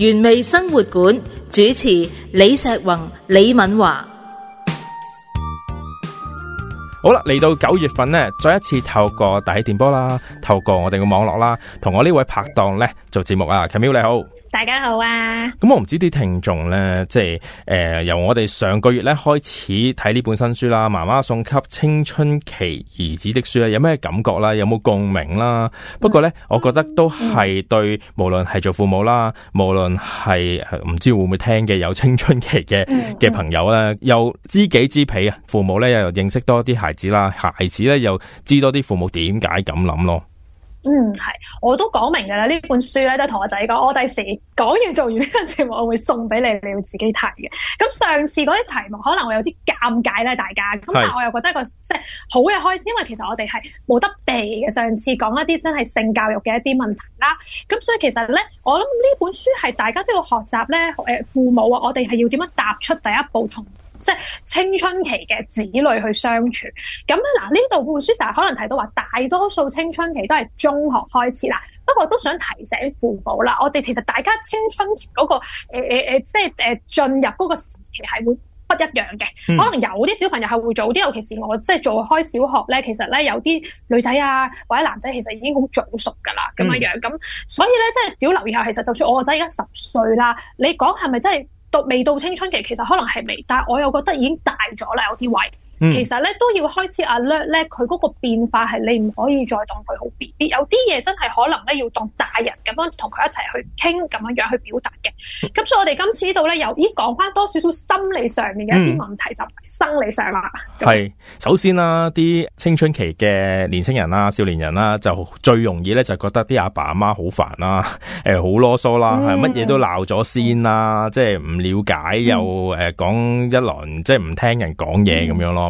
原味生活館主持李碩宏、李敏華，好啦，嚟到九月份呢，再一次透過大氣電波啦，透過我哋嘅網絡啦，同我呢位拍檔呢做節目。啊琴 a 你好。大家好啊！咁、嗯、我唔知啲聽眾呢，即係誒、呃，由我哋上個月咧，開始睇呢本新書啦，《媽媽送給青春期兒子的書》咧，有咩感覺啦？有冇共鳴啦？不過呢，我覺得都係對，無論係做父母啦，無論係唔知會唔會聽嘅，有青春期嘅嘅朋友咧，又知己知彼，父母呢，又認識多啲孩子啦，孩子呢，又知多啲父母點解咁諗咯。嗯，係，我都講明嘅啦。呢本書咧都同我仔講，我第時講完做完呢個節目，我會送俾你，你會自己睇嘅。咁上次嗰啲題目可能會有啲尷尬咧，大家，咁是但係我又覺得個即係好嘅開始，因為其實我哋係冇得避嘅。上次講一啲真係性教育嘅一啲問題啦，咁所以其實咧，我諗呢本書係大家都要學習咧，誒，父母啊，我哋係要點樣踏出第一步同，即係青春期嘅子女去相處，咁啊嗱，呢度本書成日可能提到話，大多數青春期都係中學開始啦。不過都想提醒父母啦，我哋其實大家青春期嗰、嗰個誒誒、呃呃、即係誒進入嗰個時期係會不一樣嘅。可能有啲小朋友係會早啲，尤其是我即係做開小學咧，其實咧有啲女仔啊，或者男仔其實已經好早熟㗎啦，咁樣樣咁，所以咧即係屌留意下，其實就算我個仔而家十歲啦，你講係咪真係？到未到青春期，其實可能係未，但係我又覺得已經大咗啦，有啲位。嗯、其實咧都要開始 alert 咧，佢嗰個變化係你唔可以再當佢好 bb，有啲嘢真係可能咧要當大人咁樣同佢一齊去傾，咁樣樣去表達嘅。咁、嗯、所以我哋今次呢度咧由咦講翻多少少心理上面嘅一啲問題，就係生理上啦。係、嗯、這樣 首先啦、啊，啲青春期嘅年青人啦、啊、少年人啦、啊，就最容易咧就覺得啲阿爸阿媽好煩啦、啊，誒好囉嗦啦，係乜嘢都鬧咗先啦、啊，即係唔了解又誒講一輪，即係唔聽人講嘢咁樣咯。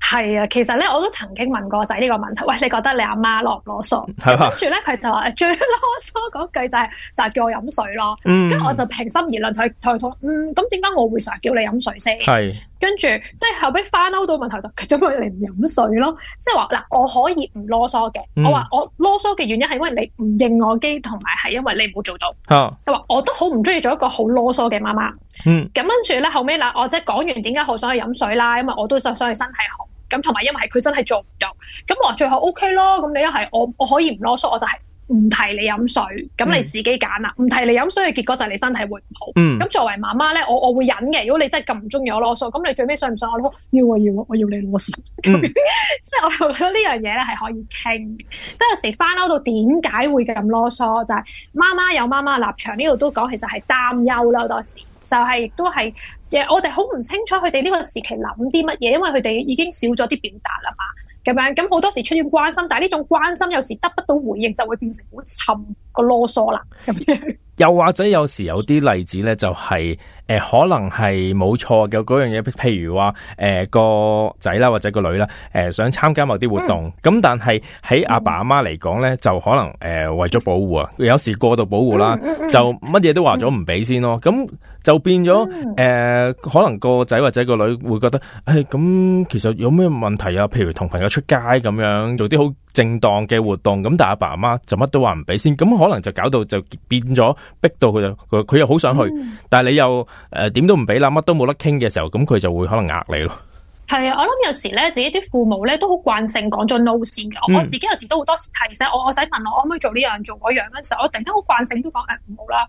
係啊，其實咧我都曾經問過仔呢個問題，喂，你覺得你阿媽囉唔囉嗦？係吧跟住咧，佢就話最囉嗦嗰句就係就係叫我飲水咯。嗯。跟住我就平心而論，就係同佢講，嗯，咁點解我會成日叫你飲水先？係是。跟住即係後尾翻嬲到問題就，點解你唔飲水咯？即係話嗱，我可以唔囉嗦嘅，嗯、我話我囉嗦嘅原因係因為你唔應我機，同埋係因為你冇做到。佢、哦、就話我都好唔中意做一個好囉嗦嘅媽媽。嗯。咁跟住咧後尾嗱，我即係講完點解好想去飲水啦，因為我都想想去身體好。咁同埋，因為係佢真係做唔到，咁我話最後 OK 咯。咁你一係我我可以唔囉嗦，我就係唔提你飲水，咁你自己揀啦。唔、嗯、提你飲水嘅結果就係你身體會唔好。咁、嗯、作為媽媽咧，我我會忍嘅。如果你真係咁唔中意我囉嗦，咁你最尾信唔信我要我要我要你囉嗦。咁即係我覺得呢樣嘢咧係可以傾。即係有時翻嬲到點解會咁囉嗦，就係、是、媽媽有媽媽立場。呢度都講其實係擔憂好多時。就係、是、亦都係，誒，我哋好唔清楚佢哋呢個時期諗啲乜嘢，因為佢哋已經少咗啲表達啦嘛，咁樣，咁好多時出於關心，但係呢種關心有時得不到回應，就會變成好沉嘅囉嗦啦，咁樣。 又或者有時有啲例子咧、就是，就係誒可能係冇錯嘅嗰樣嘢，譬如話誒、呃、個仔啦或者個女啦，誒、呃、想參加某啲活動，咁、嗯、但係喺阿爸阿媽嚟講咧，就可能誒、呃、為咗保護啊，有時過度保護啦，嗯嗯、就乜嘢都話咗唔俾先咯，咁、嗯嗯、就變咗誒、嗯呃、可能個仔或者個女會覺得誒咁、哎、其實有咩問題啊？譬如同朋友出街咁樣做啲好正當嘅活動，咁但係阿爸阿媽，媽就乜都話唔俾先，咁可能就搞到就變咗逼到佢就佢佢又好想去，嗯、但係你又誒點、呃、都唔俾啦，乜都冇得傾嘅時候，咁佢就會可能呃你咯。係啊，我諗有時咧，自己啲父母咧都好慣性講咗路線嘅，我自己有時都會多時提醒、嗯、我，我使問我可唔可以做呢樣做嗰樣嗰陣時候，我突然間好慣性都講誒唔好啦，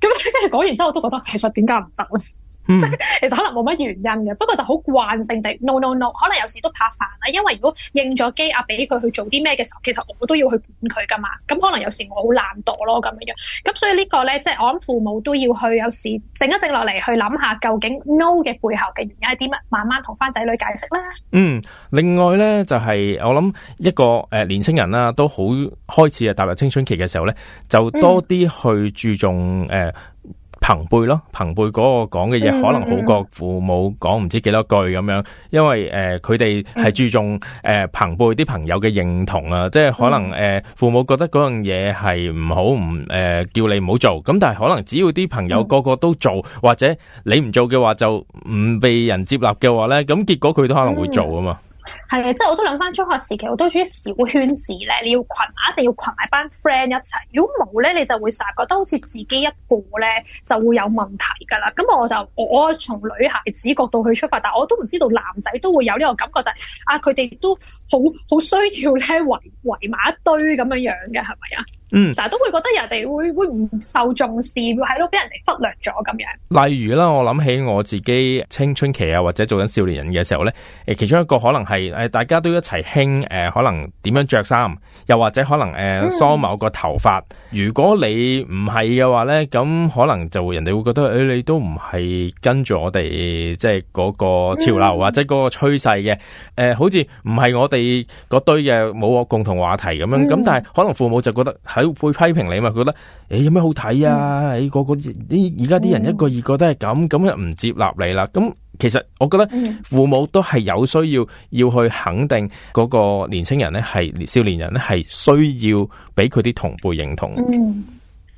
咁講完之後我都覺得其實點解唔得咧？即係、嗯、 其實可能冇乜原因嘅，不過就好慣性地 no no no，可能有時都怕煩啦。因為如果應咗機壓俾佢去做啲咩嘅時候，其實我都要去管佢噶嘛。咁可能有時我好懶惰咯，咁樣樣。咁所以個呢個咧，即、就、係、是、我諗父母都要去有時靜一靜落嚟去諗下，究竟 no 嘅背後嘅原因係啲乜，慢慢同翻仔女解釋啦。嗯，另外咧就係、是、我諗一個誒、呃，年青人啦，都好開始啊踏入青春期嘅時候咧，就多啲去注重誒。嗯朋輩咯，朋輩嗰個講嘅嘢，可能好過父母講唔知幾多句咁樣，因為誒佢哋係注重誒朋、呃、輩啲朋友嘅認同啊，即係可能誒、呃、父母覺得嗰樣嘢係唔好唔誒、呃、叫你唔好做，咁但係可能只要啲朋友個個都做，或者你唔做嘅話就唔被人接納嘅話咧，咁結果佢都可能會做啊嘛。係即係我都諗翻中學時期，我都屬於小圈子咧。你要群埋，一定要群埋班 friend 一齊。如果冇咧，你就會成日覺得好似自己一個咧，就會有問題㗎啦。咁我就我從女孩子角度去出發，但我都唔知道男仔都會有呢個感覺就係啊，佢哋都好好需要咧圍圍埋一堆咁樣樣嘅係咪啊？嗯，成日都會覺得人哋會會唔受重視，會係咯俾人哋忽略咗咁樣。例如啦，我諗起我自己青春期啊，或者做緊少年人嘅時候咧，誒，其中一個可能係。大家都一齊興誒，可能點樣着衫，又或者可能誒、呃、梳某個頭髮。如果你唔係嘅話咧，咁可能就人哋會覺得誒、哎，你都唔係跟住我哋即係個潮流或者個趨勢嘅。誒、呃，好似唔係我哋堆嘅，冇共同話題咁樣。咁、嗯、但係可能父母就覺得喺會批評你嘛，覺得誒有咩好睇啊？誒、嗯哎，個個啲而家啲人一個二個都係咁，咁又唔接納你啦。咁、嗯、其實我覺得父母都係有需要要去。去肯定嗰個年青人呢，係少年人呢，係需要俾佢啲同輩認同。嗯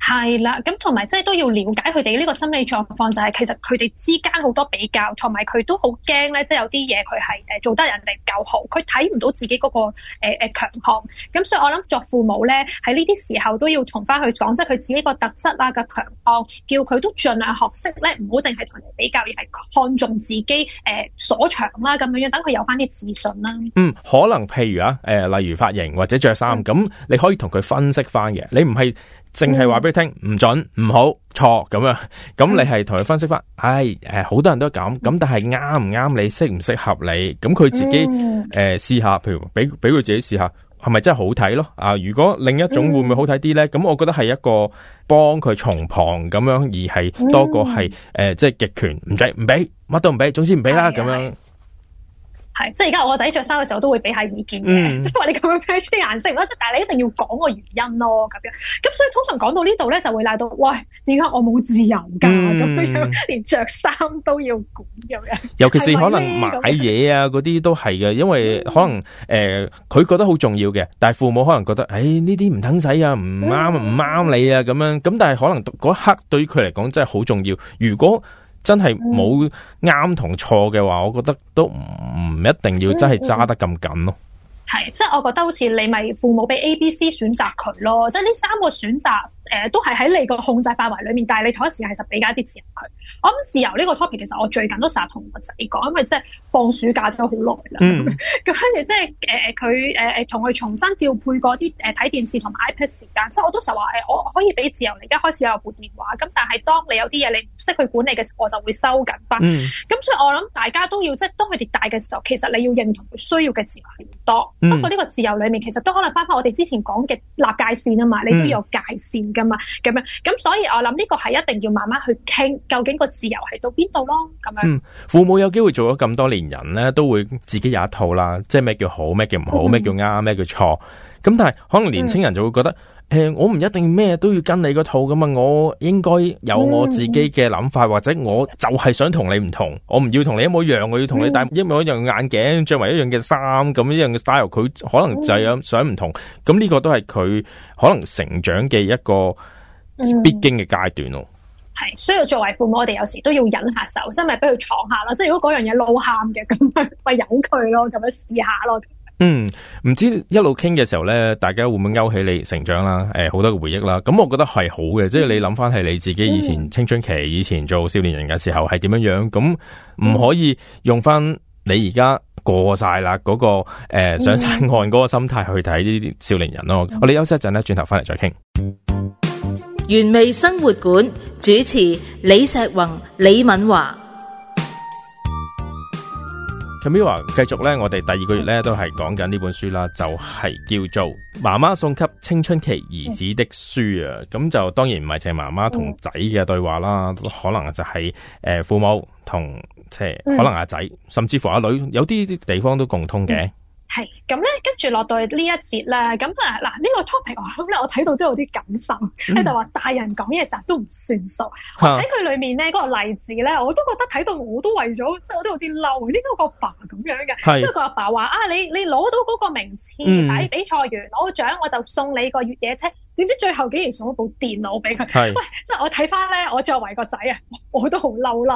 係啦，咁同埋即係都要了解佢哋呢個心理狀況，就係、是、其實佢哋之間好多比較，同埋佢都好驚咧，即係有啲嘢佢係誒做得人哋夠好，佢睇唔到自己嗰、那個誒誒強項。咁、呃、所以我諗作父母咧喺呢啲時候都要同翻佢講，即係佢自己個特質啊個強項，叫佢都盡量學識咧，唔好淨係同人比較，而係看重自己誒、呃、所長啦咁樣樣，等佢有翻啲自信啦。嗯，可能譬如啊，誒、呃、例如髮型或者着衫，咁你可以同佢分析翻嘅，你唔係。淨係話俾佢聽唔准、唔好、錯咁樣，咁你係同佢分析返，唉，誒、呃，好多人都咁，咁但係啱唔啱你，適唔適合你，咁佢自己誒試、嗯呃、下，譬如俾俾佢自己試下，係咪真係好睇咯？啊，如果另一種會唔會好睇啲咧？咁、嗯、我覺得係一個幫佢從旁咁樣，而係多過係誒，即係極權唔使唔俾，乜都唔俾，總之唔俾啦咁、哎、呀樣。係，即係而家我仔着衫嘅時候，都會俾下意見嘅，即係話你咁樣 match 啲顏色咯，即係但係你一定要講個原因咯，咁樣。咁所以通常講到呢度咧，就會嗌到，喂，點解我冇自由噶咁、嗯、樣？連着衫都要管咁樣，是是尤其是可能買嘢啊，嗰啲都係嘅，因為可能誒，佢、嗯呃、覺得好重要嘅，但係父母可能覺得，誒呢啲唔等使啊，唔啱唔啱你啊咁樣。咁但係可能嗰一刻對佢嚟講真係好重要。如果真係冇啱同錯嘅話，我覺得都唔一定要真係揸得咁緊咯。係、嗯，即、嗯、係、嗯、我覺得好似你咪父母俾 A、B、C 選擇佢咯，即係呢三個選擇。誒、呃、都係喺你個控制範圍裡面，但係你同一時間其實俾緊啲自由佢。我諗自由呢個 topic 其實我最近都成日同個仔講，因為即係放暑假咗好耐啦，咁、嗯 呃呃、跟住即係誒誒佢誒誒同佢重新調配嗰啲誒睇電視同埋 iPad 時間。即係我都成日話誒我可以俾自由你，而家開始有部電話。咁但係當你有啲嘢你唔識去管理嘅時候，我就會收緊翻。咁、嗯嗯、所以我諗大家都要即係當佢哋大嘅時候，其實你要認同佢需要嘅自由係多。嗯、不過呢個自由裡面其實都可能翻返我哋之前講嘅立界線啊嘛，你都有界線，有界線。噶嘛，咁樣，咁所以我諗呢個係一定要慢慢去傾，究竟個自由係到邊度咯，咁樣。父母有機會做咗咁多年人呢，都會自己有一套啦，即係咩叫好，咩叫唔好，咩、嗯、叫啱，咩叫錯。咁但係可能年青人就會覺得。誒，嗯、我唔一定咩都要跟你嗰套噶嘛，我應該有我自己嘅諗法，嗯、或者我就係想同你唔同，我唔要同你一模一樣，我要同你戴一樣眼鏡，着埋一樣嘅衫，咁一,一樣嘅 style，佢可能就係想唔同，咁呢、嗯、個都係佢可能成長嘅一個必經嘅階段咯。係、嗯，所以作為父母，我哋有時都要忍下手，真係咪俾佢闖下啦？即係如果嗰樣嘢老喊嘅咁，咪由佢咯，咁樣試下咯。嗯，唔知一路傾嘅時候咧，大家會唔會勾起你成長啦？誒、呃，好多嘅回憶啦。咁我覺得係好嘅，嗯、即係你諗翻係你自己以前青春期，以前做少年人嘅時候係點樣樣。咁唔可以用翻你而家過晒啦嗰個誒、呃、上山岸嗰個心態去睇呢啲少年人咯。嗯、我哋休息一陣咧，轉頭翻嚟再傾。原味生活館主持李碩宏、李敏華。陳妙華繼續咧，我哋第二個月咧都係講緊呢本書啦，就係、是、叫做《媽媽送給青春期兒子的書》啊。咁、嗯、就當然唔係淨係媽媽同仔嘅對話啦，可能就係、是、誒、呃、父母同即係可能阿仔，甚至乎阿女，有啲地方都共通嘅。嗯嗯係咁咧，跟住落到呢一節啦，咁啊嗱，呢個 topic 哇，咁咧我睇到都有啲感受咧，就話大人講嘢時候都唔算數。喺佢裏面咧，嗰個例子咧，我都覺得睇到我都為咗，即係我都有啲嬲，點解個爸咁樣嘅？因為個阿爸話啊，你你攞到嗰個名次喺比賽完攞獎，我就送你個越野車。點知最後竟然送咗部電腦俾佢？喂，即係我睇翻咧，我作為個仔啊，我都好嬲啦。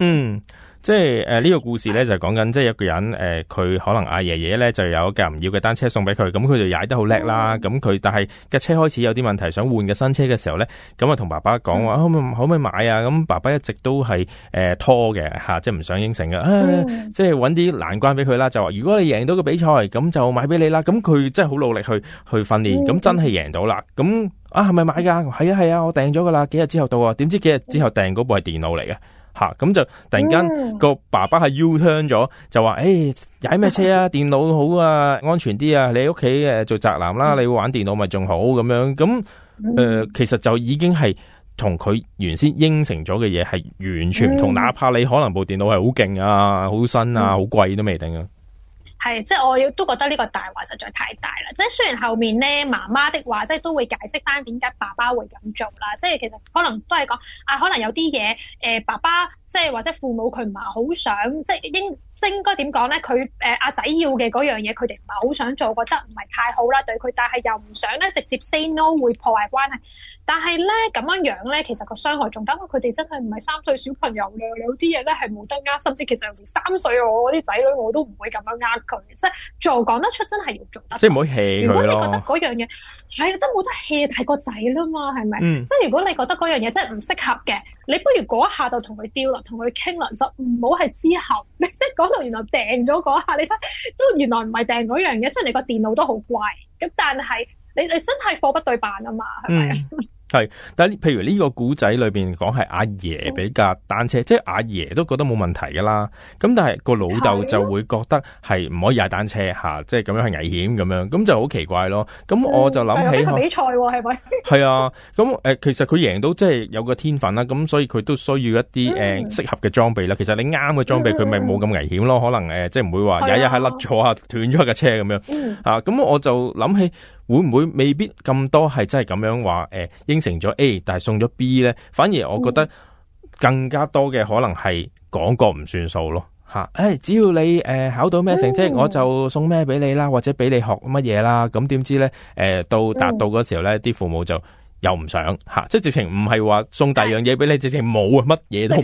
嗯。嗯即係誒呢個故事咧就係講緊即係一個人誒佢、呃、可能阿爺爺咧就有架唔要嘅單車送俾佢，咁佢就踩得好叻啦咁佢、嗯、但係架車開始有啲問題，想換架新車嘅時候咧，咁啊同爸爸講話、嗯啊、可唔可唔可以買啊？咁爸爸一直都係誒、呃、拖嘅吓、啊、即係唔想應承嘅，即係搵啲難關俾佢啦，就話、是、如果你贏到個比賽咁就買俾你啦。咁佢真係好努力去去訓練，咁真係贏到啦。咁啊係咪買噶？係、嗯、啊係啊，我訂咗噶啦，幾日之後到啊，點知幾日之後訂嗰部係電腦嚟嘅。吓，咁就突然間個爸爸係 U turn 咗，就話誒，踩、hey, 咩車啊？電腦好啊，安全啲啊！你喺屋企誒做宅男啦，你玩電腦咪仲好咁樣咁誒、呃，其實就已經係同佢原先應承咗嘅嘢係完全唔同，mm hmm. 哪怕你可能部電腦係好勁啊、好新啊、好貴都未定啊。係，即係我亦都覺得呢個大話實在太大啦！即係雖然後面咧媽媽的話，即係都會解釋返點解爸爸會咁做啦。即係其實可能都係講啊，可能有啲嘢誒，爸爸即係或者父母佢唔係好想即係應。應該點講咧？佢誒阿仔要嘅嗰樣嘢，佢哋唔係好想做，覺得唔係太好啦，對佢。但係又唔想咧直接 say no 會破壞關係。但係咧咁樣樣咧，其實個傷害仲大，因為佢哋真係唔係三歲小朋友，有啲嘢咧係冇得呃，甚至其實有時三歲我嗰啲仔女我都唔會咁樣呃佢，即係做講得出，真係要做得。即係唔好欺佢咯。如果你覺得嗰樣嘢，係啊，真係冇得 hea 大個仔啦嘛，係咪？嗯、即係如果你覺得嗰樣嘢真係唔適合嘅，你不如嗰一下就同佢掉啦，同佢傾啦，就唔好係之後。即係講到原來訂咗嗰下，你睇都原來唔係訂嗰樣嘢，雖然你個電腦都好怪。咁但係你你真係貨不對辦啊嘛，係咪？嗯係，但係譬如呢個古仔裏邊講係阿爺比架單車，即係阿爺都覺得冇問題噶啦。咁但係個老豆就會覺得係唔可以踩單車吓，即係咁樣係危險咁樣，咁就好奇怪咯。咁我就諗起個、嗯、比賽係咪？係啊，咁誒， 其實佢贏到即係有個天分啦，咁所以佢都需要一啲誒適合嘅裝備啦。其實你啱嘅裝備佢咪冇咁危險咯，可能誒、嗯，即係唔會話日日喺甩咗啊，斷咗架車咁樣啊。咁、嗯、我就諗起。會唔會未必咁多係真係咁樣話？誒、呃，應承咗 A，但係送咗 B 呢？反而我覺得更加多嘅，可能係講過唔算數咯。吓，誒，只要你誒、呃、考到咩成績，我就送咩俾你啦，或者俾你學乜嘢啦。咁點知呢？誒、呃，到達到嗰時候呢，啲、嗯、父母就。又唔想嚇、啊，即係直情唔係話送第二樣嘢俾你，直情冇啊，乜嘢都冇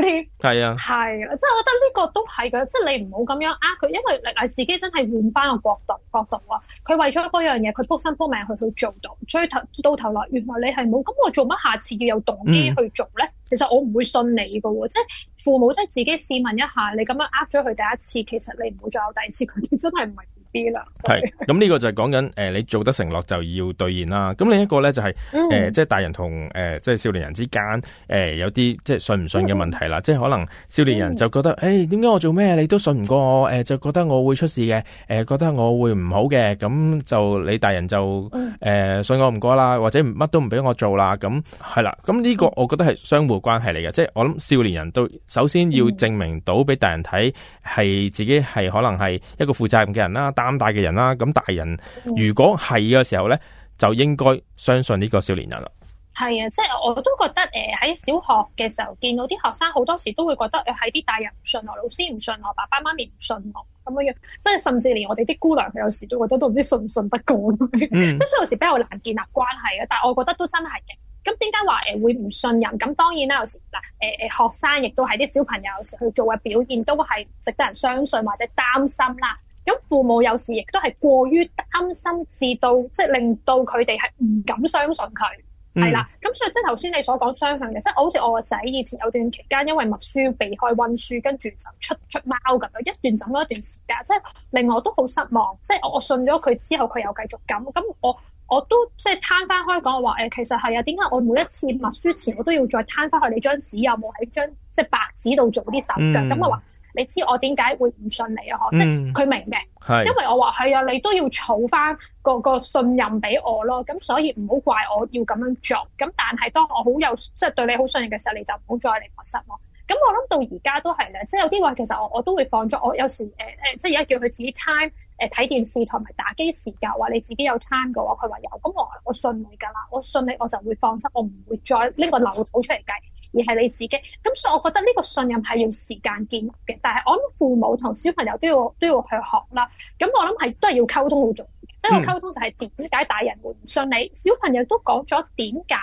添。係啊，係啦，即係我覺得呢個都係嘅，即係你唔好咁樣呃佢，因為你自己真係換返個角度角度啊，佢為咗嗰樣嘢，佢撲心撲命去去做到，追頭到頭來，原來你係冇。咁我做乜，下次要有動機去做咧。嗯、其實我唔會信你嘅，即係父母即係自己試問一下，你咁樣呃咗佢第一次，其實你唔會再有第二次，佢哋真係唔係。係咁呢個就係講緊誒，你做得承諾就要兌現啦。咁另一個呢、就係，就係誒，即係大人同誒、呃、即係少年人之間誒、呃、有啲即係信唔信嘅問題啦。即係可能少年人就覺得誒，點解、嗯欸、我做咩你都信唔過我？誒、呃，就覺得我會出事嘅，誒、呃，覺得我會唔好嘅，咁、嗯、就你大人就誒、呃、信我唔過啦，或者乜都唔俾我做啦。咁係啦，咁、嗯、呢、嗯這個我覺得係相互關係嚟嘅，即係我諗少年人都首先要證明到俾大人睇係自己係可能係一個負責任嘅人啦。膽大嘅人啦，咁大人如果係嘅時候咧，就應該相信呢個少年人啦。係啊，即係我都覺得誒，喺、呃、小學嘅時候見到啲學生好多時都會覺得誒，喺、呃、啲大人唔信我，老師唔信我，爸爸媽咪唔信我，咁樣樣，即係甚至連我哋啲姑娘佢有時都覺得都唔知信唔信得過，嗯、即係所以有時比較難建立關係啊。但係我覺得都真係嘅。咁點解話誒會唔信任？咁當然啦，有時嗱，誒、呃、誒、呃，學生亦都係啲小朋友有時去做嘅表現都係值得人相信或者擔心啦。咁父母有時亦都係過於擔心至到，即係令到佢哋係唔敢相信佢，係啦、嗯。咁所以即係頭先你所講相信嘅，即係好似我個仔以前有段期間，因為默書避開溫書，跟住就出出貓咁樣一段，就咗一段時間，即係令我都好失望。即係我信咗佢之後，佢又繼續咁。咁我我都即係攤翻開講話誒，其實係啊，點解我每一次默書前我都要再攤翻去你張紙有冇喺張即係白紙度做啲手腳？咁、嗯、我話。你知我點解會唔信你啊？嗬、嗯，即係佢明嘅，的因為我話係啊，你都要儲翻個個信任俾我咯。咁所以唔好怪我要咁樣做。咁但係當我好有即係對你好信任嘅時候，你就唔好再嚟缺失望。咁我諗到而家都係咧，即係有啲話其實我我都會放咗。我有時誒誒、呃，即係而家叫佢自己 time 誒、呃、睇電視同埋打機時間。話你自己有 time 嘅話，佢話有。咁我我信你㗎啦，我信你我就會放心，我唔會再拎個漏土出嚟計。而係你自己，咁所以我覺得呢個信任係要時間建立嘅。但係我諗父母同小朋友都要都要去學啦。咁我諗係都係要溝通好重要嘅。即係、嗯、溝通就係點解大人會唔信你，小朋友都講咗點解，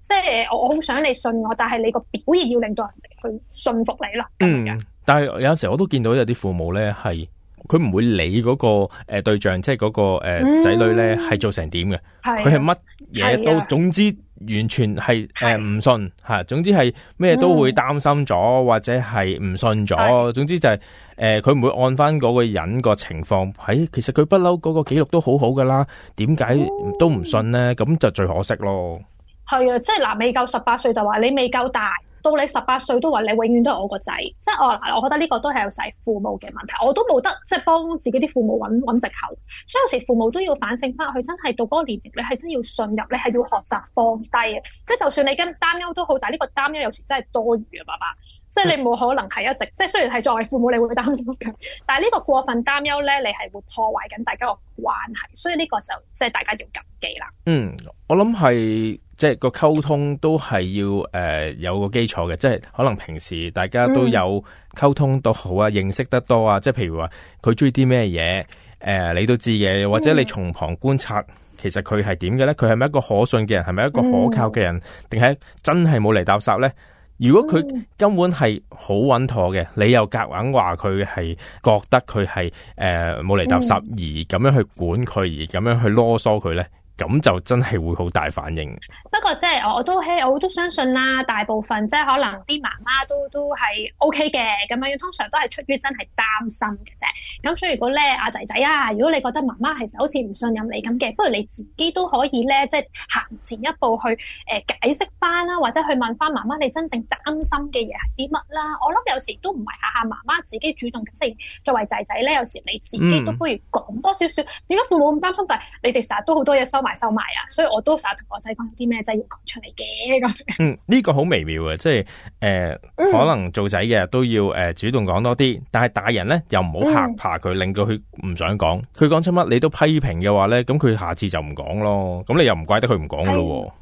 即、就、係、是、我好想你信我，但係你個表現要令到人哋去信服你啦。嗯，樣但係有時我都見到有啲父母咧係佢唔會理嗰個誒對象，即係嗰個仔、嗯、女咧係做成點嘅，佢係乜嘢都是、啊、總之。是啊完全係誒唔信吓，的總之係咩都會擔心咗，嗯、或者係唔信咗，的總之就係誒佢唔會按翻嗰個人個情況喺、哎，其實佢不嬲嗰個記錄都好好噶啦，點解都唔信呢？咁、嗯、就最可惜咯。係啊，即係嗱，未夠十八歲就話你未夠大。到你十八歲都話你永遠都係我個仔，即係我嗱，我覺得呢個都係有使父母嘅問題，我都冇得即係幫自己啲父母揾揾藉口，所以有時父母都要反省翻，佢真係到嗰個年齡，你係真要信任，你係要學習放低，即係就算你跟擔憂都好，但係呢個擔憂有時真係多餘啊，爸爸，即係你冇可能係一直、嗯、即係雖然係作為父母你會擔心嘅，但係呢個過分擔憂咧，你係會破壞緊大家個關係，所以呢個就即係大家要謹記啦。嗯，我諗係。即係個溝通都係要誒、呃、有個基礎嘅，即係可能平時大家都有溝通都好啊，嗯、認識得多啊，即係譬如話佢中意啲咩嘢，誒、呃、你都知嘅，或者你從旁觀察，其實佢係點嘅咧？佢係咪一個可信嘅人？係咪一個可靠嘅人？定係、嗯、真係冇嚟搭煞咧？如果佢根本係好穩妥嘅，你又夾硬話佢係覺得佢係誒冇嚟搭煞，嗯、而咁樣去管佢，而咁樣去囉嗦佢咧？咁就真係會好大反應。不過即係我都希，我都相信啦。大部分即係可能啲媽媽都都係 O K 嘅咁樣，通常都係出於真係擔心嘅啫。咁所以如果咧，阿仔仔啊，如果你覺得媽媽係好似唔信任你咁嘅，不如你自己都可以咧，即係行前一步去誒、呃、解釋翻啦，或者去問翻媽媽你真正擔心嘅嘢，係啲乜啦。我諗有時都唔係下下媽媽自己主動解釋，即作為仔仔咧，有時你自己都不如講多少少。點解，嗯、父母咁擔心就係、是，你哋成日都好多嘢收埋收埋啊，所以我都成日同我仔講啲咩真係要講出嚟嘅咁。嗯、呢、這個好微妙嘅，即係誒、呃嗯、可能做仔嘅都要誒、呃、主動講多啲，但係大人咧又唔好吓怕佢，嗯、令到佢唔想講。佢講出乜你都批評嘅話咧，咁佢下次就唔講咯。咁你又唔怪得佢唔講噶咯。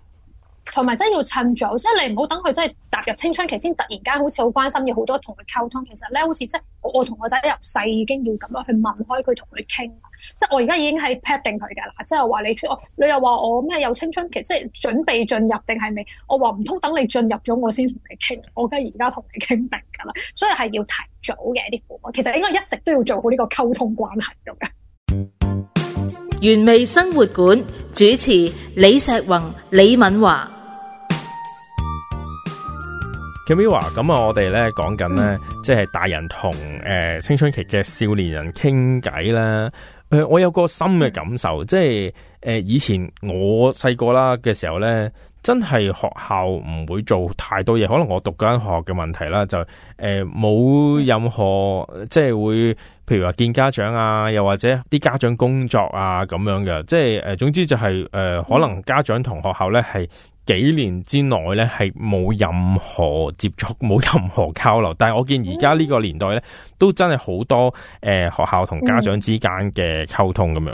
同埋真要趁早，即、就、係、是、你唔好等佢真係踏入青春期先，突然間好似好關心要好多同佢溝通。其實咧，好似即係我同我仔入世已經要咁樣去問開佢，同佢傾。即、就、係、是、我而家已經係 p a c 定佢噶啦，即係話你出我、哦，你又話我咩有青春期，即、就、係、是、準備進入定係未？我話唔通等你進入咗我先同你傾，我梗家而家同你傾定噶啦。所以係要提早嘅呢個，其實應該一直都要做好呢個溝通關係咁樣。原味生活館主持李石宏、李敏華。咁啊，ira, 我哋咧講緊咧，即係大人同誒青春期嘅少年人傾偈啦。誒，我有個深嘅感受，即係誒以前我細個啦嘅時候咧，真係學校唔會做太多嘢，可能我讀間學校嘅問題啦，就誒冇任何即係會。譬如話見家長啊，又或者啲家長工作啊咁樣嘅，即係誒、呃，總之就係、是、誒、呃，可能家長同學校咧係幾年之內咧係冇任何接觸，冇任何交流。但係我見而家呢個年代咧，都真係好多誒、呃，學校同家長之間嘅溝通咁樣。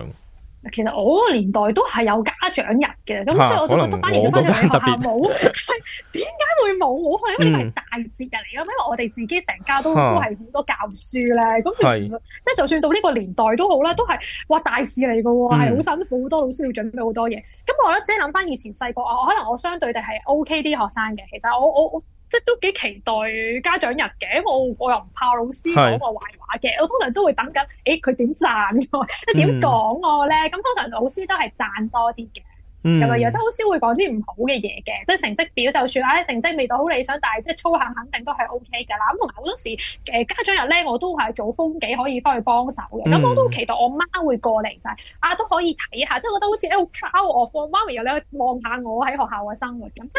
其實我嗰個年代都係有家長日嘅，咁、啊、所以我就覺得反而返咗去學校冇，係點解會冇？我可能因為係大節日嚟啊，因為，、嗯、因為我哋自己成家都都係好多教書咧，咁其實即係就算到呢個年代都好啦，都係哇大事嚟噶，係好、嗯、辛苦，好多老師要準備好多嘢。咁我覺得，只係諗翻以前細個，我可能我相對地係 OK 啲學生嘅。其實我我我。我即係都幾期待家長日嘅，我我又唔怕老師講我壞話嘅，是我通常都會等緊誒佢點讚，即點講我咧？咁、嗯、通常老師都係讚多啲嘅。咁咪又即係好少會講啲唔好嘅嘢嘅，即係成績表就算啊，成績未到好理想，但係即係操行肯定都係 O K 嘅啦。咁同埋好多時誒、呃、家長日咧，我都係做風紀可以翻去幫手嘅。咁我都期待我媽會過嚟就係啊，都可以睇下，即係覺得好似你好 proud 我 for 媽咪又咧望下我喺學校嘅生活。咁、嗯、即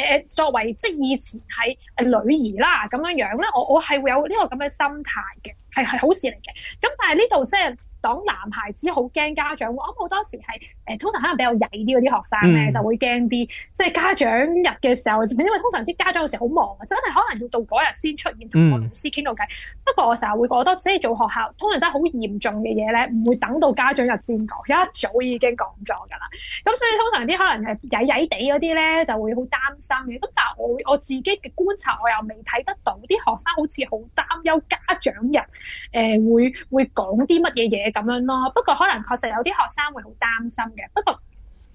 係誒、呃、作為即係以前係女兒啦咁樣樣咧，我我係會有呢個咁嘅心態嘅，係係好事嚟嘅。咁但係呢度即係。講男孩子好驚家長，我諗好多時係誒，通常可能比較曳啲嗰啲學生咧就會驚啲，嗯、即係家長日嘅時候，因為通常啲家長有時好忙啊，真係可能要到嗰日先出現同個老師傾到偈。嗯、不過我成日會覺得，即係做學校通常真係好嚴重嘅嘢咧，唔會等到家長日先講，一早已經講咗㗎啦。咁所以通常啲可能係曳曳地嗰啲咧，就會好擔心嘅。咁但係我我自己嘅觀察，我又未睇得到啲學生好似好擔憂家長日誒、呃、會會講啲乜嘢。咁樣咯，不過可能確實有啲學生會好擔心嘅。不過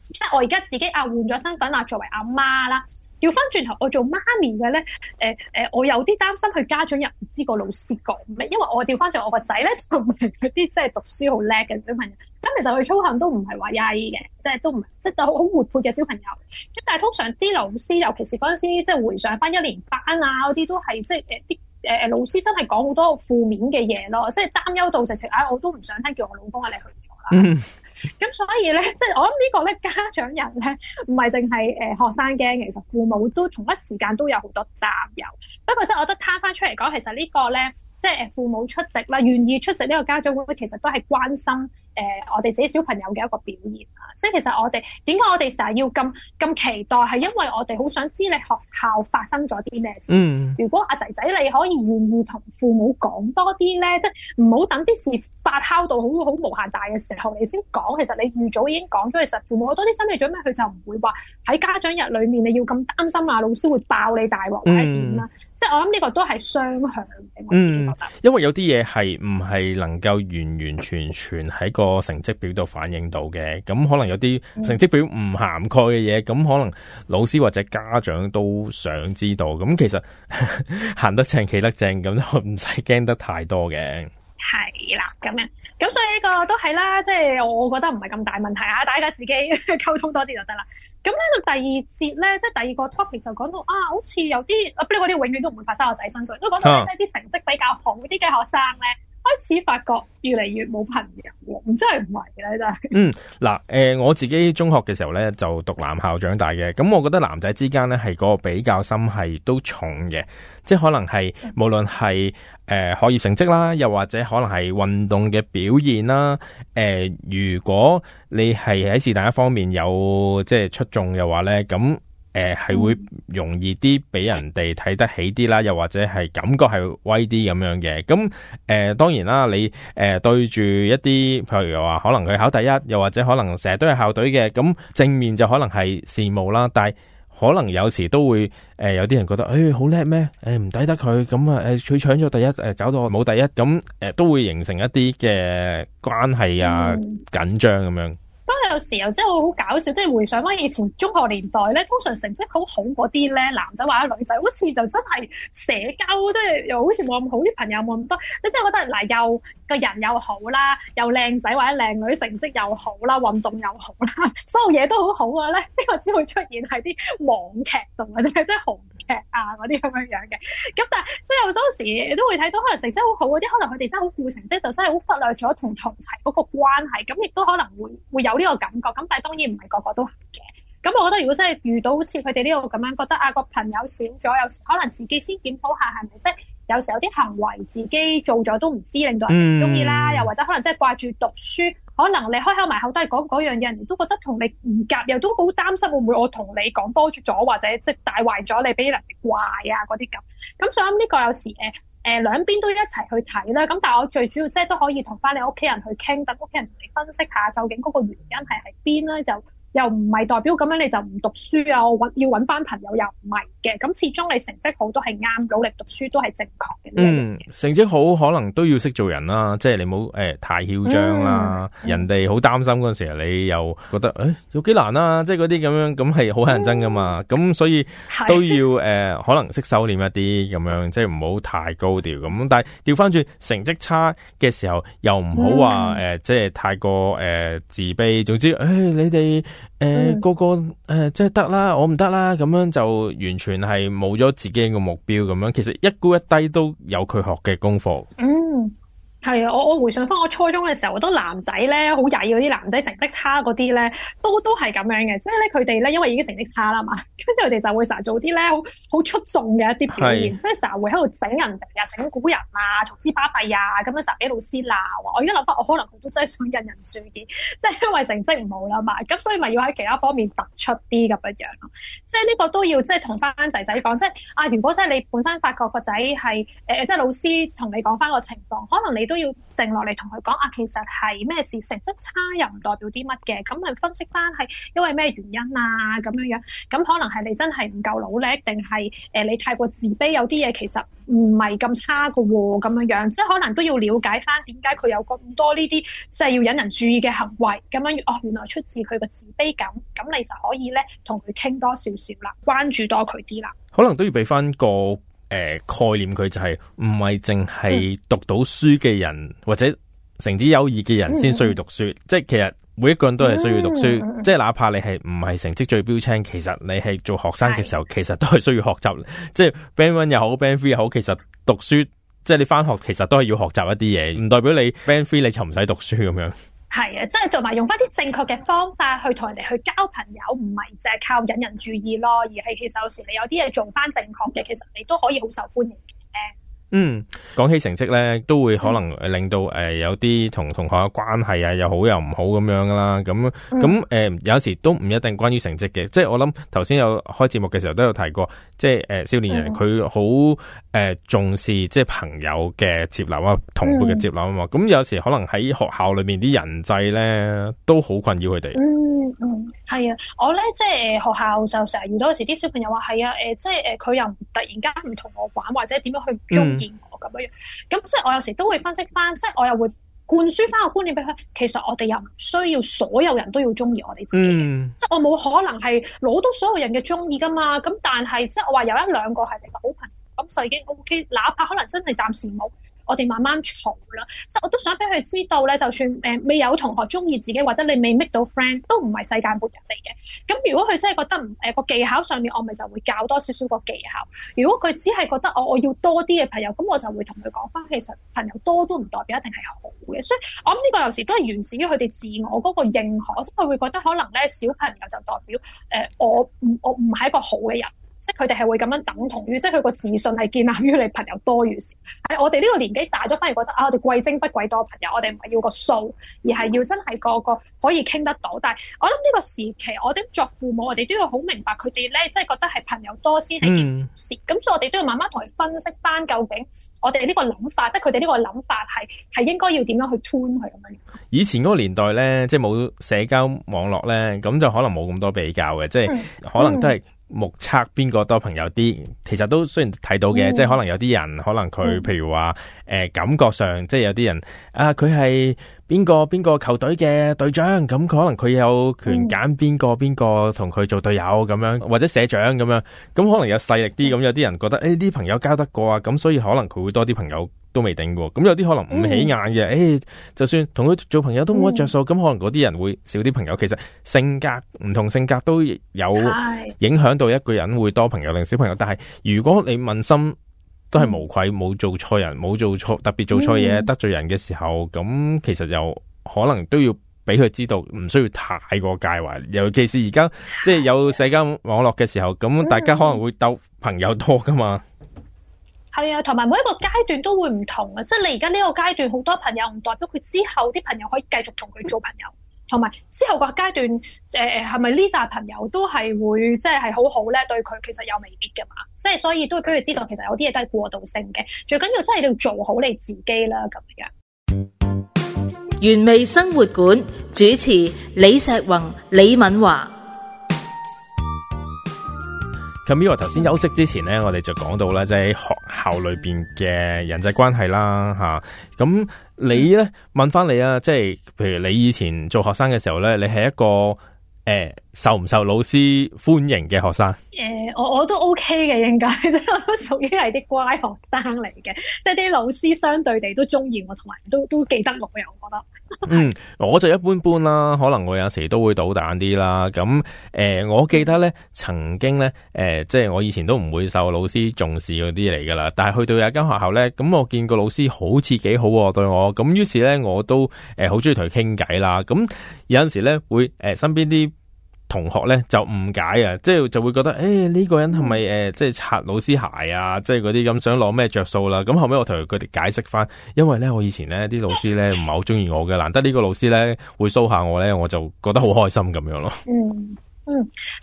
即係、就是、我而家自己啊，換咗身份啊，作為阿媽，媽啦，調翻轉頭我做媽咪嘅咧，誒、呃、誒、呃，我有啲擔心，佢家長又唔知個老師講咩，因為我調翻轉我個仔咧，就唔係嗰啲即係讀書好叻嘅小朋友，咁其實佢操行都唔係話曳嘅，即係都唔係即係好好活潑嘅小朋友。咁但係通常啲老師，尤其是嗰陣時即係回想翻一年班啊，嗰啲都係即係誒啲。呃誒、呃、老師真係講好多負面嘅嘢咯，即係擔憂到直情唉、哎、我都唔想聽，叫我老公啊，你去做啦。咁 所以咧，即係我諗呢個咧，家長人咧唔係淨係誒學生驚，其實父母都同一時間都有好多擔憂。不過即係我覺得攤翻出嚟講，其實個呢個咧，即係誒父母出席啦，願意出席呢個家長會，其實都係關心。誒、呃，我哋自己小朋友嘅一個表現啊，即係其實我哋點解我哋成日要咁咁期待，係因為我哋好想知你學校發生咗啲咩事。嗯、如果阿仔仔你可以願意同父母講多啲咧，即係唔好等啲事發酵到好好無限大嘅時候你先講。其實你預早已經講咗，其實父母好多啲心理準備，佢就唔會話喺家長日裡面你要咁擔心啊，老師會爆你大鑊、嗯、或者點啦。即係我諗呢個都係雙向嘅。嗯，因為有啲嘢係唔係能夠完完全全喺個成績表度反映到嘅，咁可能有啲成績表唔涵蓋嘅嘢，咁可能老師或者家長都想知道，咁其實行得正企得正，咁就唔使驚得太多嘅。係啦，咁樣，咁所以呢個都係啦，即係我覺得唔係咁大問題啊，大家自己溝通多啲就得啦。咁咧，到第二節咧，即係第二個 topic 就講到啊，好似有啲，不料嗰啲永遠都唔會發生我仔身上，都講到即係啲成績比較好啲嘅學生咧。開始發覺越嚟越冇朋友，真係唔係咧？真係。嗯，嗱，誒，我自己中學嘅時候呢，就讀男校長大嘅，咁我覺得男仔之間呢，係嗰個比較心係都重嘅，即係可能係無論係誒學業成績啦，又或者可能係運動嘅表現啦，誒、呃，如果你係喺是但一方面有即係出眾嘅話呢。咁。誒，係、呃、會容易啲俾人哋睇得起啲啦，又或者係感覺係威啲咁樣嘅。咁、呃、誒，當然啦，你誒、呃、對住一啲，譬如話可能佢考第一，又或者可能成日都係校隊嘅，咁正面就可能係羨慕啦。但係可能有時都會誒、呃，有啲人覺得誒好叻咩？誒唔抵得佢咁啊？誒佢搶咗第一誒，搞到我冇第一咁誒、呃，都會形成一啲嘅關係啊，緊張咁樣。都有時候真係好搞笑，即係回想翻以前中學年代咧，通常成績好好嗰啲咧，男仔或者女仔，好似就真係社交即係又好似冇咁好，啲朋友冇咁多，你真係覺得嗱又個人又好啦，又靚仔或者靚女，成績又好啦，運動又好啦，所有嘢都好好嘅咧，呢個只會出現喺啲網劇度或者真係紅劇啊，嗰啲咁樣樣嘅，咁 但係即係好多時都會睇到，可能成績好好嗰啲，可能佢哋真係好顧成績，就真係好忽略咗同同齊嗰個關係，咁亦都可能會會有呢個感覺。咁但係當然唔係個個都係嘅。咁我覺得如果真係遇到好似佢哋呢個咁樣，覺得啊個朋友少咗，有時可能自己先檢討下係咪即係有時候有啲行為自己做咗都唔知，令到人唔中意啦，嗯、又或者可能真係掛住讀書。可能你開口埋口都係講嗰樣嘢，人都覺得同你唔夾，又都好擔心會唔會我同你講多咗，或者即係帶壞咗你，俾人哋怪啊嗰啲咁。咁所以呢個有時誒誒、呃、兩邊都一齊去睇啦。咁但係我最主要即係都可以同返你屋企人去傾，等屋企人同你分析下究竟嗰個原因係喺邊咧就。又唔係代表咁樣你就唔讀書啊？要揾班朋友又唔係嘅，咁始終你成績好都係啱，努力讀書都係正確嘅。嗯，成績好可能都要識做人啦，即係你唔好誒、呃、太囂張啦，嗯、人哋好擔心嗰陣時，你又覺得誒、欸、有幾難啊，即係嗰啲咁樣咁係好乞人憎噶嘛，咁、嗯、所以都要誒、呃、可能識收斂一啲咁樣，即係唔好太高調咁。但係調翻轉成績差嘅時候，又唔好話誒，即係太過誒、呃、自卑。總之，誒、哎、你哋。誒，呃嗯、個個誒、呃、即係得啦，我唔得啦，咁樣就完全係冇咗自己嘅目標咁樣。其實一高一低都有佢學嘅功課。嗯。係啊，我我回想翻我初中嘅時候，我覺得男仔咧好曳嗰啲男仔，成績差嗰啲咧，都都係咁樣嘅。即係咧佢哋咧，因為已經成績差啦嘛，跟住佢哋就會成日做啲咧好好出眾嘅一啲表現，的即係成日會喺度整人哋啊、整古人啊、嘈之巴閉啊，咁樣成日俾老師鬧。我而家諗翻，我可能我都真係想引人注意，即係因為成績唔好啦嘛，咁所以咪要喺其他方面突出啲咁樣咯。即係呢個都要即係同翻仔仔講，即係啊，如果即係你本身發覺個仔係誒，即係老師同你講翻個情況，可能你，都要靜落嚟同佢講啊，其實係咩事？成績差又唔代表啲乜嘅，咁咪分析翻係因為咩原因啊咁樣樣，咁可能係你真係唔夠努力，定係誒你太過自卑，有啲嘢其實唔係咁差嘅喎，咁樣樣，即係可能都要了解翻點解佢有咁多呢啲即係要引人注意嘅行為，咁樣哦，原來出自佢個自卑感，咁你就可以咧同佢傾多少少啦，關注多佢啲啦。可能都要俾翻個。誒、呃，概念佢就係唔係淨係讀到書嘅人，嗯、或者成績優異嘅人先需要讀書，嗯，即係其實每一個人都係需要讀書，嗯，即係哪怕你係唔係成績最標青，其實你係做學生嘅時候，是其實都係需要學習，即係 band one 又好，band three 又好，其實讀書即係你翻學，其實都係要學習一啲嘢，唔代表你 band three 你就唔使讀書咁樣。係啊，即係做埋用翻啲正確嘅方法去同人哋去交朋友，唔係淨係靠引人注意咯，而係其實有時你有啲嘢做翻正確嘅，其實你都可以好受歡迎。嗯，講起成績咧，都會可能令到誒、呃、有啲同同學嘅關係啊，又好又唔好咁樣㗎啦。咁咁誒，有時都唔一定關於成績嘅。即係我諗頭先有開節目嘅時候都有提過，即係誒、呃，少年人佢好誒重視即係朋友嘅接納啊，同伴嘅接納啊嘛。咁、嗯、有時可能喺學校裏面啲人際咧都好困擾佢哋。嗯嗯，係啊，我咧即係誒、呃、學校就成日遇到有時啲小朋友話係啊，誒、哎呃、即係誒佢又突然間唔同我玩或者點樣去唔中意我咁、嗯、樣，咁即係我有時都會分析翻，即係我又會灌輸翻個觀念俾佢，其實我哋又唔需要所有人都要中意我哋自己，嗯、即係我冇可能係攞到所有人嘅中意噶嘛，咁但係即係我話有一兩個係成個好朋友咁就已經 O K，哪怕可能真係暫時冇。我哋慢慢嘈啦，即係我都想俾佢知道咧，就算誒、呃、未有同學鍾意自己，或者你未 make 到 friend，都唔係世界末日嚟嘅。咁如果佢真係覺得唔誒個技巧上面，我咪就會教多少少個技巧。如果佢只係覺得我、哦、我要多啲嘅朋友，咁我就會同佢講返，其實朋友多都唔代表一定係好嘅。所以我諗呢個有時都係源自於佢哋自我嗰個認可，即係佢會覺得可能咧小朋友就代表誒、呃、我唔我唔係一個好嘅人。即係佢哋係會咁樣等同於，即係佢個自信係建立於你朋友多與少。係我哋呢個年紀大咗，反而覺得啊，我哋貴精不貴多朋友，我哋唔係要個數，而係要真係個個可以傾得到。但係我諗呢個時期，我哋作父母，我哋都要好明白佢哋咧，即係覺得係朋友多先係件事。咁、嗯、所以我哋都要慢慢同佢分析返，究竟我哋呢個諗法，即係佢哋呢個諗法係係應該要點樣去 tune 佢咁樣。以前嗰個年代咧，即係冇社交網絡咧，咁就可能冇咁多比較嘅，嗯、即係可能都係。目測邊個多朋友啲，其實都雖然睇到嘅，即係可能有啲人，可能佢譬如話，誒、呃、感覺上即係有啲人啊，佢係邊個邊個球隊嘅隊長，咁可能佢有權揀邊個邊個同佢做隊友咁樣，或者社長咁樣，咁可能有勢力啲，咁有啲人覺得，誒、哎、啲朋友交得過啊，咁所以可能佢會多啲朋友。都未定嘅，咁有啲可能唔起眼嘅，誒、嗯哎，就算同佢做朋友都冇得着數，咁、嗯、可能嗰啲人會少啲朋友。其實性格唔同，性格都有影響到一個人會多朋友定少朋友。但係如果你問心都係無愧，冇、嗯、做錯人，冇做錯特別做錯嘢、嗯、得罪人嘅時候，咁其實又可能都要俾佢知道，唔需要太過介懷。尤其是而家即係有社交網絡嘅時候，咁大家可能會鬥朋友多㗎嘛。係啊，同埋每一個階段都會唔同啊，即係你而家呢個階段好多朋友，唔代表佢之後啲朋友可以繼續同佢做朋友，同埋之後個階段，誒係咪呢紮朋友都係會即係係好好咧？對佢其實有未必噶嘛，即係所以都佢要知道其實有啲嘢都係過渡性嘅，最緊要真係你要做好你自己啦咁樣。原味生活館主持李碩宏、李敏華。咁，因為頭先休息之前咧，我哋就講到啦，即係學校裏邊嘅人際關係啦，嚇。咁你咧問翻你啊，你你即係譬如你以前做學生嘅時候咧，你係一個誒、誒受唔受老師歡迎嘅學生？誒，我我都 OK 嘅，應該都屬於係啲乖學生嚟嘅，即係啲老師相對地都中意我，同埋都都記得我嘅。我覺得，嗯，我就一般般啦，可能我有時都會搗蛋啲啦。咁、嗯、誒，我記得咧，曾經咧，誒、呃，即係我以前都唔會受老師重視嗰啲嚟噶啦。但係去到有一間學校咧，咁、嗯、我見個老師好似幾好、啊、對我，咁於是咧，我都誒好中意同佢傾偈啦。咁有陣時咧會誒身邊啲。同學咧就誤解啊，即係就會覺得，誒、欸、呢、呢個人係咪誒即係擦老師鞋啊，即係嗰啲咁想攞咩着數啦？咁後尾我同佢哋解釋翻，因為咧我以前咧啲老師咧唔係好中意我嘅，難得呢個老師咧會蘇下我咧，我就覺得好開心咁樣咯、嗯。嗯嗯，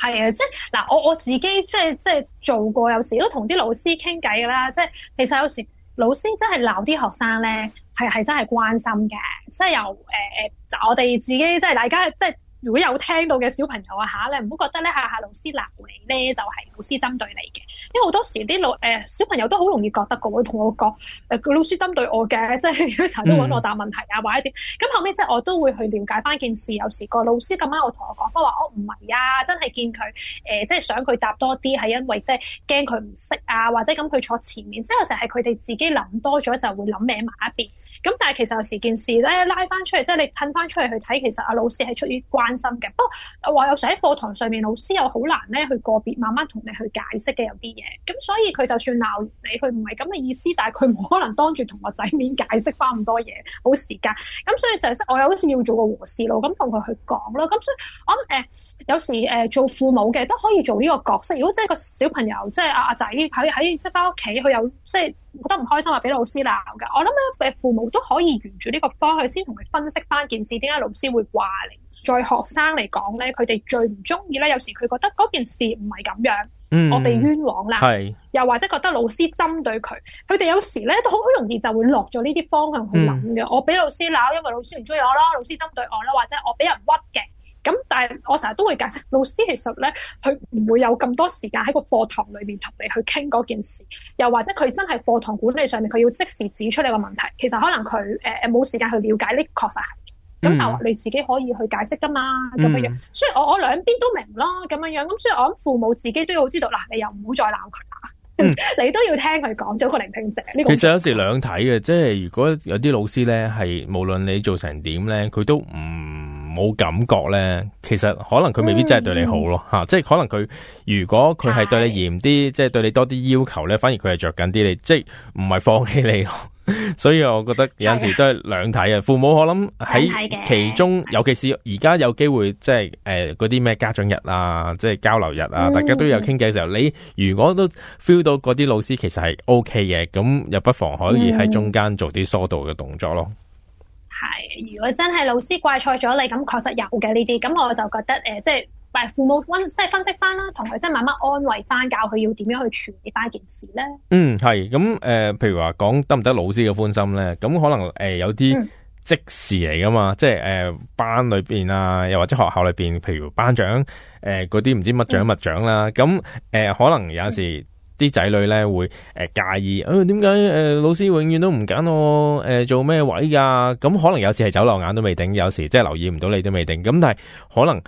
係啊，即係嗱，我我自己即係即係做過，有時都同啲老師傾偈噶啦。即係其實有時老師真係鬧啲學生咧，係係真係關心嘅，即係由誒誒、呃、我哋自己即係大家即係。如果有聽到嘅小朋友啊嚇咧，唔好覺得咧下下老師鬧你咧就係、是、老師針對你嘅，因為好多時啲老誒、呃、小朋友都好容易覺得嘅，會同我講誒、呃、老師針對我嘅，即係成日都揾我答問題啊，或者點。咁、嗯啊、後尾即係我都會去了解翻件事。有時有個老師咁啱我同我講翻話，我唔係啊，真係見佢誒、呃、即係想佢答多啲，係因為即係驚佢唔識啊，或者咁佢坐前面，即係成日係佢哋自己諗多咗就會諗歪埋一邊。咁但係其實有時件事咧拉翻出嚟，即係你褪翻出嚟去睇，其實阿老，老師係出於擔心嘅，不過話有時喺課堂上面，老師又好難咧去個別慢慢同你去解釋嘅有啲嘢。咁所以佢就算鬧你，佢唔係咁嘅意思，但係佢冇可能當住同學仔面解釋翻咁多嘢，冇時間。咁所以就係我有好似要做個和事佬咁同佢去講啦。咁所以我諗誒、欸，有時誒、欸、做父母嘅都可以做呢個角色。如果即係個小朋友即係阿阿仔喺喺即係翻屋企，佢又即係覺得唔開心，話俾老師鬧嘅，我諗咧誒父母都可以沿住呢個方向先同佢分析翻件事，點解老師會話你。在學生嚟講咧，佢哋最唔中意咧，有時佢覺得嗰件事唔係咁樣，嗯、我被冤枉啦，是又或者覺得老師針對佢，佢哋有時咧都好好容易就會落咗呢啲方向去諗嘅。嗯、我俾老師鬧，因為老師唔中意我啦，老師針對我啦，或者我俾人屈嘅。咁但係我成日都會解釋，老師其實咧，佢唔會有咁多時間喺個課堂裏面同你去傾嗰件事，又或者佢真係課堂管理上面佢要即時指出你個問題，其實可能佢誒誒冇時間去了解，呢確實係。咁、嗯、但係你自己可以去解釋噶嘛？咁樣、嗯、樣，所以我我兩邊都明咯，咁樣樣咁，所以我諗父母自己都要知道，嗱，你又唔好再鬧佢啦，嗯、 你都要聽佢講，做一個聆聽者。呢個其實有時兩睇嘅，即係如果有啲老師咧，係無論你做成點咧，佢都唔冇感覺咧。其實可能佢未必真係對你好咯，吓、嗯啊，即係可能佢如果佢係對你嚴啲，即係是對你多啲要求咧，反而佢係着緊啲你，即係唔係放棄你 所以我覺得有陣時都係兩睇嘅，父母可能喺其中，尤其是而家有機會即係誒嗰啲咩家長日啊，即係交流日啊，大家都有傾偈嘅時候，你如果都 feel 到嗰啲老師其實係 OK 嘅，咁又不妨可以喺中間做啲疏導嘅動作咯。係，如果真係老師怪錯咗你，咁確實有嘅呢啲，咁我就覺得誒、呃，即係。咪父母分即係分析翻啦，同佢即係慢慢安慰翻，教佢要點樣去處理翻件事咧。嗯，係咁誒，譬如話講得唔得老師嘅歡心咧？咁可能誒、呃、有啲即時嚟噶嘛，嗯、即係誒、呃、班裏邊啊，又或者學校裏邊，譬如班長誒嗰啲唔知乜獎乜獎啦，咁誒、嗯呃、可能有時。嗯啲仔女咧會誒、呃、介意，誒點解誒老師永遠都唔揀我誒、呃、做咩位㗎、啊？咁可能有時係走漏眼都未定，有時即係留意唔到你都未定。咁但係可能誒、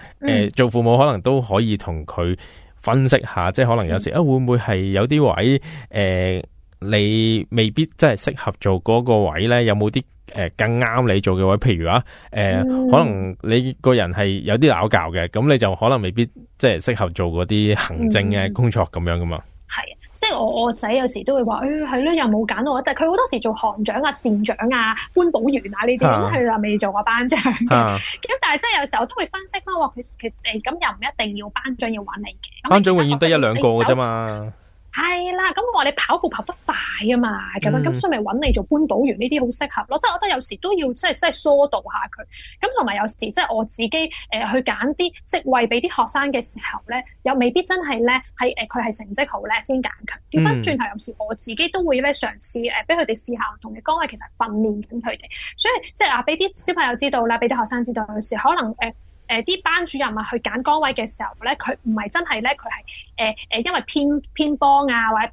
呃、做父母可能都可以同佢分析下，即係可能有時啊、呃、會唔會係有啲位誒、呃、你未必真係適合做嗰個位咧？有冇啲誒更啱你做嘅位？譬如話誒、呃，可能你個人係有啲拗教嘅，咁你就可能未必即係適合做嗰啲行政嘅工作咁樣噶嘛？係、嗯。即係我我仔有時都會話，誒係咯，又冇揀到我，但係佢好多時做行長啊、善長啊、官保員啊呢啲，咁係啦，未、啊、做過班長。咁但係即係有時候都會分析返，話佢佢誒咁又唔一定要班長要揾你嘅。班長永遠得一兩個嘅啫嘛。係啦，咁我話你跑步跑得快啊嘛，咁樣咁所以咪揾你做搬簿員呢啲好適合咯。即係我覺得有時都要即係即係疏導下佢。咁同埋有時即係我自己誒去揀啲職位俾啲學生嘅時候咧，又未必真係咧係誒佢係成績好咧先揀佢。調翻轉頭有時我自己都會咧嘗試誒俾佢哋試下唔同嘅崗位，其實訓練緊佢哋。所以即係啊俾啲小朋友知道啦，俾啲學生知道有時可能誒。呃誒啲、呃、班主任啊，去揀崗位嘅時候咧，佢唔係真係咧，佢係誒誒，因為偏偏幫啊，或者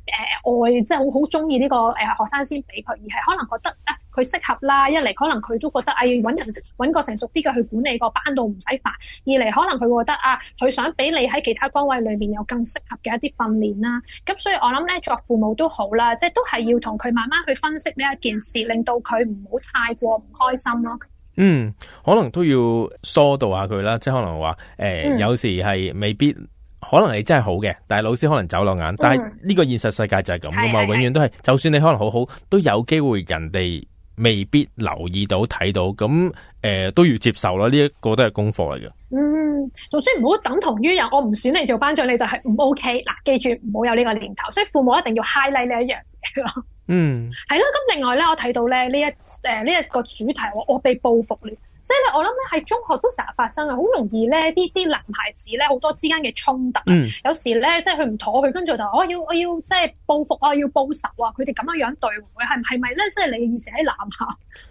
誒愛即係好好中意呢個誒學生先俾佢，而係可能覺得啊，佢、呃、適合啦。一嚟可能佢都覺得啊，揾、哎、人揾個成熟啲嘅去管理個班度唔使煩；二嚟可能佢會覺得啊，佢想俾你喺其他崗位裏面有更適合嘅一啲訓練啦。咁、嗯、所以我諗咧，作父母都好啦，即係都係要同佢慢慢去分析呢一件事，令到佢唔好太過唔開心咯。嗯，可能都要疏導下佢啦，即係可能話誒，呃嗯、有時係未必，可能你真係好嘅，但係老師可能走漏眼，嗯、但係呢個現實世界就係咁噶嘛，永遠都係，嗯、就算你可能好好，都有機會人哋未必留意到睇到，咁誒、呃、都要接受啦，呢、這、一個都係功課嚟嘅。嗯，總之唔好等同於人，我唔選你做班長，你就係唔 OK。嗱，記住唔好有呢個念頭，所以父母一定要 highlight 你呢一樣嘢嗯，係啦，咁另外咧，我睇到咧呢一誒呢一個主題，我我被報復了。即係咧，我諗咧，喺中學都成日發生啊，好容易咧，啲啲男孩子咧，好多之間嘅衝突啊。嗯、有時咧，即係佢唔妥佢，跟住就話我、哦、要我要即係報復啊，要報仇啊。佢哋咁樣樣對我，係係咪咧？即係你以前喺男校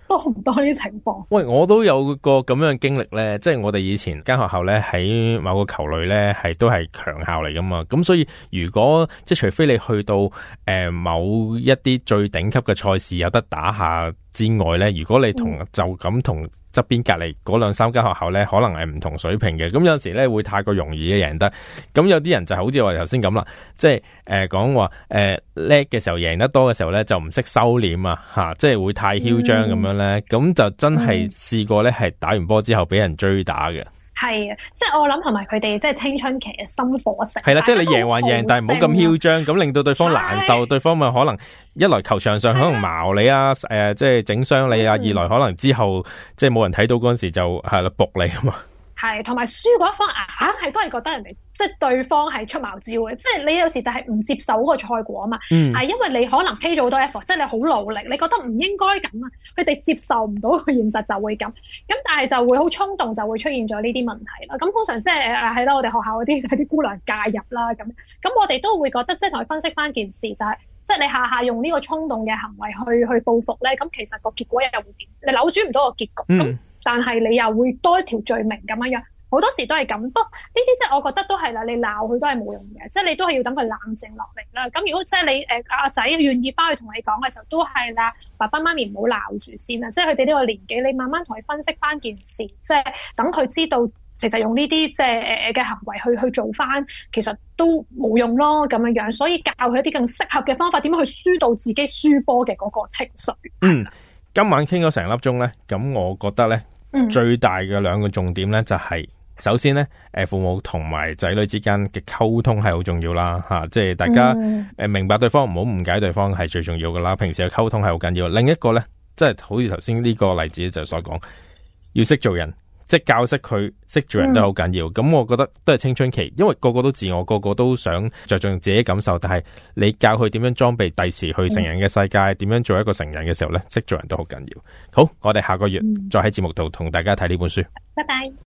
多唔多啲情況？喂，我都有個咁樣經歷咧。即係我哋以前間學校咧，喺某個球類咧，係都係強校嚟噶嘛。咁所以如果即係除非你去到誒、呃、某一啲最頂級嘅賽事有得打下之外咧，如果你同就咁同。側邊隔離嗰兩三間學校咧，可能係唔同水平嘅，咁有時咧會太過容易贏得，咁有啲人就好似我頭先咁啦，即係誒、呃、講話誒叻嘅時候贏得多嘅時候咧，就唔識收斂啊，嚇，即係會太囂張咁、嗯、樣咧，咁就真係試過咧係打完波之後俾人追打嘅。係啊，即係我諗同埋佢哋即係青春期嘅心火盛。係啦，即係你贏還贏，但係唔好咁囂張，咁令到對方難受，啊、對方咪可能一來球場上可能矛你啊，誒、呃，即係整傷你啊，二來可能之後即係冇人睇到嗰陣時就係啦，駁、啊、你啊嘛。係，同埋輸嗰一方硬係都係覺得人哋即係對方係出茅招嘅，即係你有時就係唔接受個賽果啊嘛，係、嗯、因為你可能 pay 咗好多 effort，即係你好努力，你覺得唔應該咁啊，佢哋接受唔到個現實就會咁，咁但係就會好衝動就會出現咗呢啲問題啦。咁通常即係係咯，我哋學校嗰啲就係啲姑娘介入啦咁，咁我哋都會覺得即係同佢分析返件事就係，即係你下下用呢個衝動嘅行為去去報復咧，咁其實個結果又會點？你扭轉唔到個結局。嗯但係你又會多一條罪名咁樣樣，好多時都係咁。不過呢啲即係我覺得都係啦，你鬧佢都係冇用嘅，即係你都係要等佢冷靜落嚟啦。咁如果即係你誒阿仔願意翻去同你講嘅時候，都係啦，爸爸媽咪唔好鬧住先啦。即係佢哋呢個年紀，你慢慢同佢分析翻件事，即係等佢知道其實用呢啲即係誒嘅行為去去做翻，其實都冇用咯咁樣樣。所以教佢一啲更適合嘅方法，點樣去疏導自己輸波嘅嗰個情緒。嗯，今晚傾咗成粒鐘咧，咁我覺得咧。最大嘅兩個重點咧，就係首先咧，誒，父母同埋仔女之間嘅溝通係好重要啦，吓、啊，即係大家誒明白對方，唔好誤解對方係最重要噶啦。平時嘅溝通係好緊要。另一個咧，即係好似頭先呢個例子就所講，要識做人。即教識佢識做人，都好緊要。咁、嗯、我覺得都係青春期，因為個個都自我，個個都想着重自己感受。但係你教佢點樣裝備，第時去成人嘅世界，點、嗯、樣做一個成人嘅時候咧，識做人都好緊要。好，我哋下個月再喺節目度同大家睇呢本書、嗯。拜拜。